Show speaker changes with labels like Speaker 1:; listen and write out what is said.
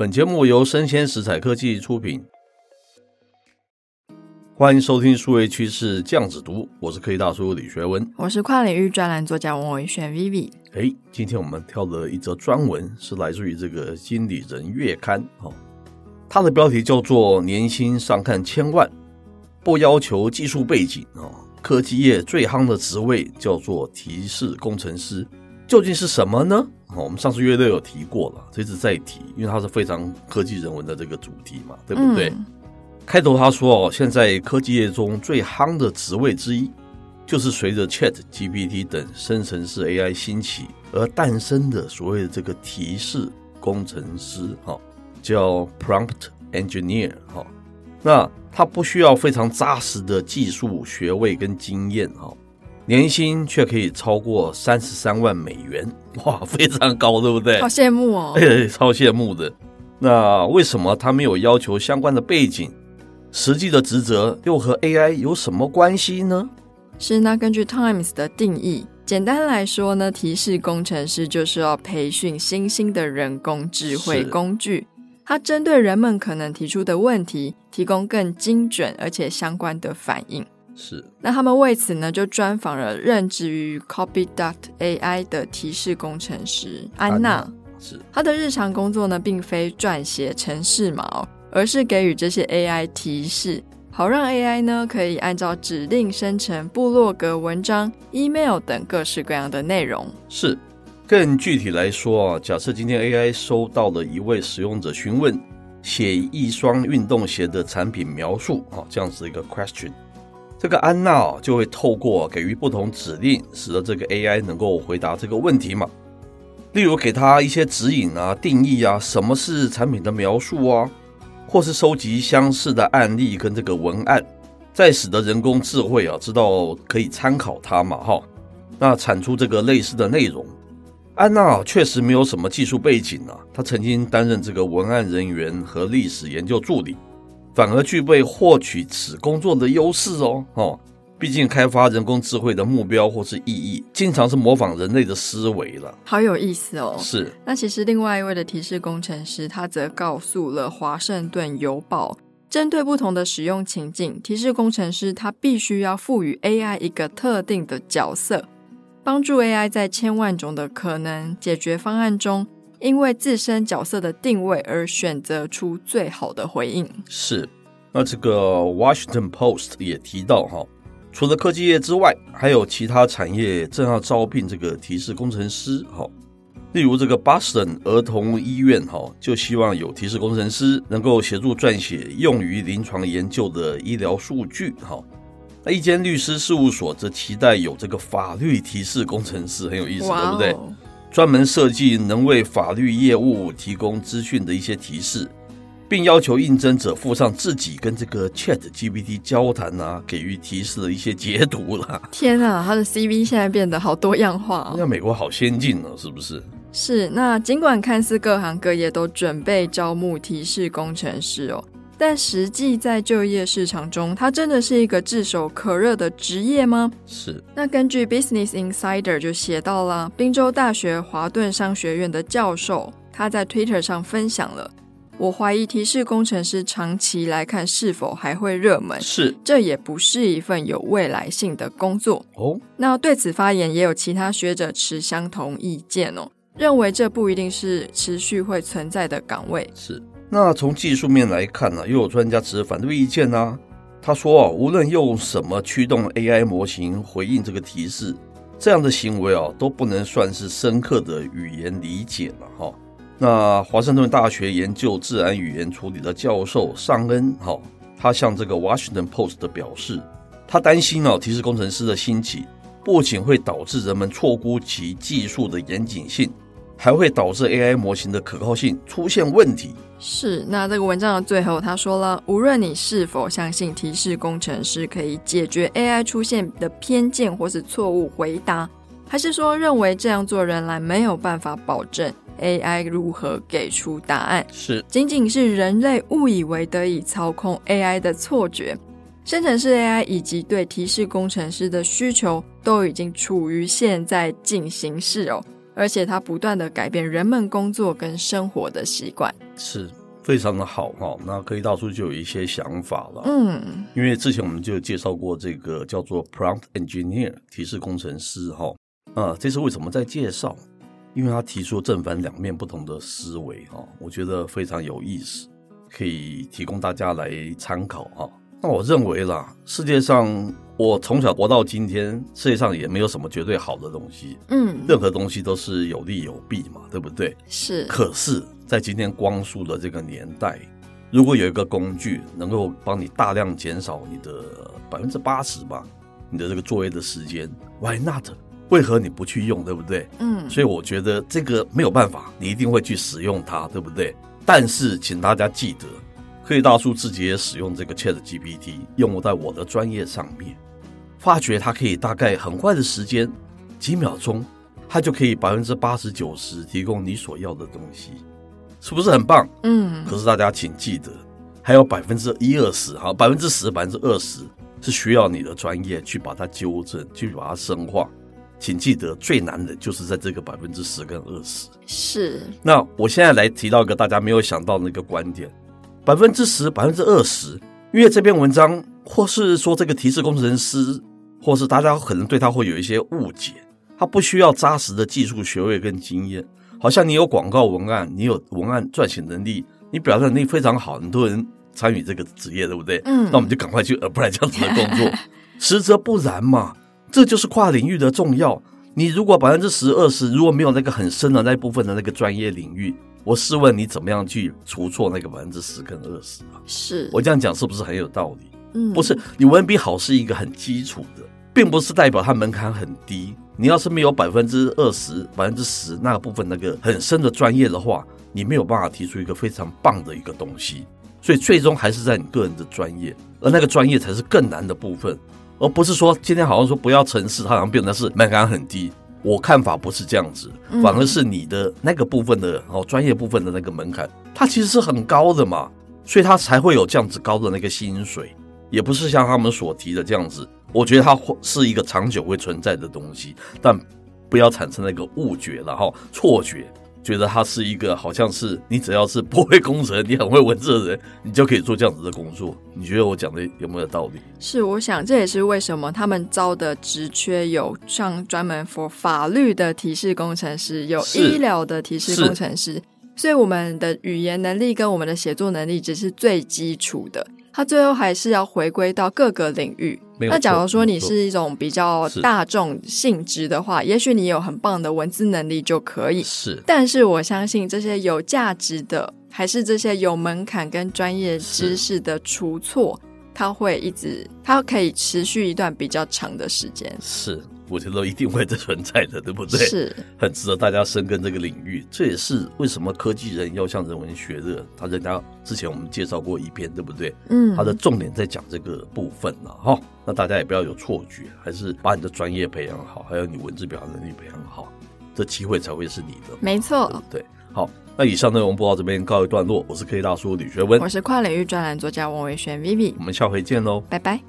Speaker 1: 本節目由聲鮮時采科技出品，歡迎收聽數位趨勢醬子讀，我是科技大叔李學文，
Speaker 2: 我是跨領域專欄作家王文軒 Vivi。
Speaker 1: 哎、欸，今天我們挑了一則專文，是來自於這個《經理人》月刊，哦，它的標題叫做《年薪上看千萬，不要求技術背景》哦，啊，科技業最夯的職位叫做提示工程師，究竟是什麼呢？我們上個月都有提過了，這次再提，因為它是非常科技人文的這個主題嘛，對不對？嗯、開頭他說，現在科技業中最夯的職位之一，就是隨着 Chat GPT 等生成式 AI 興起而誕生的所謂的這個提示工程師，哈，叫 Prompt Engineer，哈。那他不需要非常紮實的技術學位跟經驗，哈。年薪卻可以超過三十三萬美元，哇，非常高，對不對？好羨
Speaker 2: 慕哦、哎哎，
Speaker 1: 超羨慕的。那為什麼他沒有要求相關的背景？實際的職責又和 AI 有什麼關係呢？
Speaker 2: 是那根據 Times 的定義，簡單來說呢，提示工程師就是要培訓新興的人工智慧工具，它是針對人們可能提出的問題，提供更精準而且相關的反應。是，那他們為此呢就專訪了任職於 Copy.ai 的提示工程師安娜。是，她的日常工作呢並非撰寫程式碼，而是給予這些 AI 提示，好讓 AI 呢可以按照指令生成部落格文章、email 等各式各樣的內容。
Speaker 1: 是，更具體來說啊，假設今天 AI 收到了一位使用者詢問寫一雙運動鞋的產品描述啊，這樣子一個 question。這個安娜、啊、就會透過、啊、給予不同指令，使得這個 AI 能夠回答這個問題嘛。例如，給他一些指引啊、定義啊，什麼是產品的描述啊，或是收集相似的案例跟這個文案，再使得人工智慧啊知道可以參考它嘛。哈，那產出這個類似的內容。安娜、啊、確實沒有什麼技術背景啊，她曾經擔任這個文案人員和歷史研究助理。反而具備獲取此工作的優勢哦哦，畢竟開發人工智慧的目標或是意義，經常是模仿人類的思維了。
Speaker 2: 好有意思哦。是，那其實另外一位的提示工程師，他則告訴了華盛頓郵報，針對不同的使用情境，提示工程師他必須要賦予 AI 一個特定的角色，幫助 AI 在千萬種的可能解決方案中。因為自身角色的定位而選擇出最好的回應。
Speaker 1: 是,那這個《Washington Post》也提到哈、哦,除了科技業之外,還有其他產業正要招聘這個提示工程師哈、哦。例如,這個 Boston 兒童醫院哈、哦,就希望有提示工程師能夠協助撰寫用於臨床研究的醫療數據哈、哦。那一間律師事務所則期待有這個法律提示工程師,很有意思 , Wow. 對不對？專門設計能為法律業務提供資訊的一些提示，並要求應徵者附上自己跟這個 Chat GPT 交談啊，給予提示的一些截圖啦，啊，
Speaker 2: 天啊，他的 CV 現在變得好多樣化那，哦
Speaker 1: 啊，美國好先進了，啊，是不是？
Speaker 2: 是。那儘管看似各行各業都準備招募提示工程師哦。但實際在就業市場中，它真的是一個炙手可熱的職業嗎？是。那根據 Business Insider 就寫到了，賓州大學華頓商學院的教授他在 Twitter 上分享了，我懷疑提示工程師長期來看是否還會熱門？是。這也不是一份有未來性的工作哦。Oh? 那對此發言也有其他學者持相同意見哦，認為這不一定是持續會存在的崗位。是。
Speaker 1: 那從技術面來看呢、啊，又有專家持反對意見呢、啊。他說啊，無論用什麼驅動 AI 模型回應這個提示，這樣的行為啊都不能算是深刻的語言理解了哈。那華盛頓大學研究自然語言處理的教授尚恩哈、啊，他向這個 Washington Post 的表示，他擔心啊提示工程師的興起不僅會導致人們錯估其技術的嚴謹性。還會導致 AI 模型的可靠性
Speaker 2: 出現問題。是，那這個文章的最後他說了，無論你是否相信提示工程師可以解決 AI 出現的偏見或是錯誤回答，還是說認為這樣做人類沒有辦法保證 AI 如何給出答案，是僅僅是人類誤以為得以操控 AI 的錯覺，生成式 AI 以及對提示工程師的需求都已經處於現在進行時哦。而且它不斷地改變人們工作跟生活的習慣，
Speaker 1: 是非常的好哈。那科技大叔就有一些想法了。嗯，因為之前我們就介紹過這個叫做 Prompt Engineer 提示工程師哈。啊、呃，這是為什麼在介紹？因為他提出正反兩面不同的思維哈，我覺得非常有意思，可以提供大家來參考哈。那我認為啦，世界上我從小活到今天，世界上也沒有什麼絕對好的東西。嗯，任何東西都是有利有弊嘛，對不對？是。可是，在今天光速的這個年代，如果有一個工具能夠幫你大量減少你的百分之八十吧，你的這個作業的時間，Why not？為何你不去用，對不對？嗯。所以我覺得這個沒有辦法，你一定會去使用它，對不對？但是，請大家記得，可以，大叔自己也使用這個 ChatGPT，用在我的專業上面，發覺它可以大概很快的時間，幾秒鐘，它就可以百分之八十九十提供你所要的東西，是不是很棒？嗯。可是大家請記得，還有百分之一二十哈，百分之十、百分之二十是需要你的專業去把它糾正，去把它深化。請記得，最難的就是在這個百分之十跟二十。
Speaker 2: 是。
Speaker 1: 那我現在來提到一個大家沒有想到的一個觀點。百分之十，百分之二十，因為這篇文章，或是說這個提示工程師，或是大家可能對他會有一些誤解。他不需要紮實的技術學位跟經驗。好像你有廣告文案，你有文案撰寫能力，你表達能力非常好，很多人參與這個職業，對不對？嗯。那我們就趕快去呃，不然這樣子的工作，實則 不然嘛。這就是跨領域的重要。你如果百分之十二十，如果沒有那個很深的那一部分的那個專業領域，我試問你，怎麼樣去除錯那個百分之十跟二十啊？是、嗯、我這樣講是不是很有道理？嗯，不是，你文筆好是一個很基礎的，並不是代表它門檻很低。你要是沒有百分之二十、百分之十那個部分那個很深的專業的話，你沒有辦法提出一個非常棒的一個東西。所以最終還是在你個人的專業，而那個專業才是更難的部分，而不是說今天好像說不要程式，它好像變得是門檻很低。我看法不是這樣子，反而是你的那個部分的、嗯、哦，專業部分的那個門檻，它其實是很高的嘛，所以它才會有這樣子高的那個薪水，也不是像他們所提的這樣子。我覺得它會是一個長久會存在的東西，但不要產生那個誤覺，然後錯覺。覺得他是一個好像是你只要是不會工程，你很會文字的人，你就可以做這樣子的工作。你覺得我講的有沒有道理？
Speaker 2: 是，我想這也是為什麼他們招的職缺有像專門 for 法律的提示工程師，有醫療的提示工程師。所以我們的語言能力跟我們的寫作能力只是最基礎的。它最後還是要回歸到各個領域。那假如說你是一種比較大眾性質的話，是也許你有很棒的文字能力就可以。是，但是我相信這些有價值的，還是這些有門檻跟專業知識的出錯，是它會一直，它可以持續一段比較長的時間。
Speaker 1: 是。我覺得都一定會在存在的，對不對？是，很值得大家深耕這個領域。這也是為什麼科技人要向人文學的他人家之前我們介紹過一篇對不對？嗯，他的重點在講這個部分了、啊、哈、哦。那大家也不要有錯覺，還是把你的專業培養好，還有你文字表達能力培養好，這機會才會是你的。
Speaker 2: 沒錯，對，
Speaker 1: 對。好，那以上內容播到這邊告一段落。我是科技大叔呂學文，我是
Speaker 2: 跨領域專欄作家王維璇。Vivi，
Speaker 1: 我們下回見嘍，
Speaker 2: 拜拜。